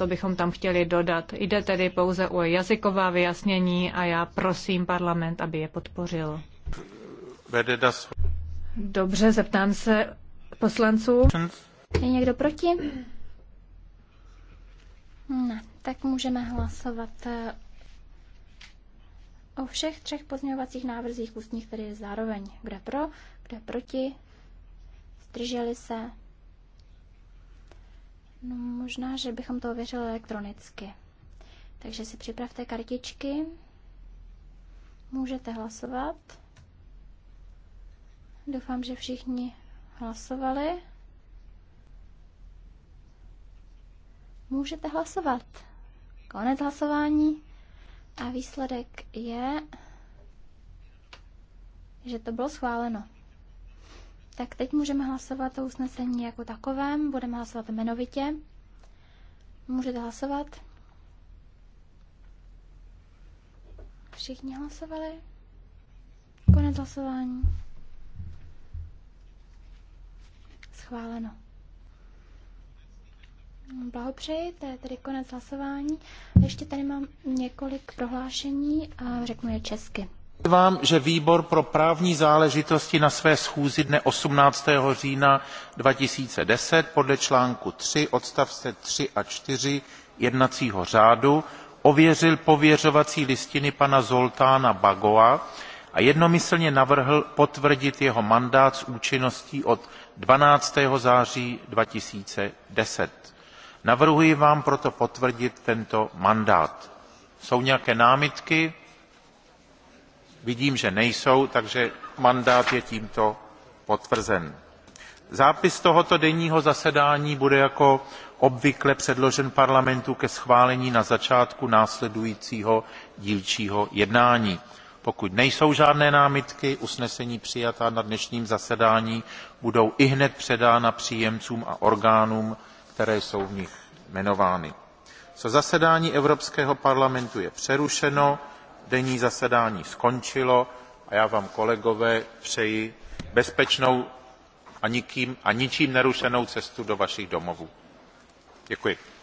To bychom tam chtěli dodat. Jde tedy pouze o jazyková vyjasnění a já prosím parlament, aby je podpořil. Dobře, zeptám se poslanců. Je někdo proti? Ne, tak můžeme hlasovat eh, o všech třech pozměňovacích návrzích ústních, tedy je zároveň. Kde pro, kde proti, zdrželi se. No, možná, že bychom to ověřili elektronicky. Takže si připravte kartičky. Můžete hlasovat. Doufám, že všichni hlasovali. Můžete hlasovat. Konec hlasování. A výsledek je, že to bylo schváleno. Tak teď můžeme hlasovat o usnesení jako takovém. Budeme hlasovat jmenovitě. Můžete hlasovat. Všichni hlasovali. Konec hlasování. Schváleno. Blahopřeji, to je tedy konec hlasování. Ještě tady mám několik prohlášení a řeknu je česky vám, že výbor pro právní záležitosti na své schůzi dne 18. října 2010 podle článku 3 odstavce 3 a 4 jednacího řádu ověřil pověřovací listiny pana Zoltána Bagoa a jednomyslně navrhl potvrdit jeho mandát s účinností od 12. září 2010. Navrhuji vám proto potvrdit tento mandát. Jsou nějaké námitky? vidím že nejsou takže mandát je tímto potvrzen. zápis tohoto denního zasedání bude jako obvykle předložen parlamentu ke schválení na začátku následujícího dílčího jednání. pokud nejsou žádné námitky usnesení přijatá na dnešním zasedání budou ihned předána příjemcům a orgánům které jsou v nich jmenovány. zasedání evropského parlamentu je přerušeno denní zasedání skončilo a já vám kolegové přeji bezpečnou a, ničím nerušenou cestu do vašich domovů. děkuji.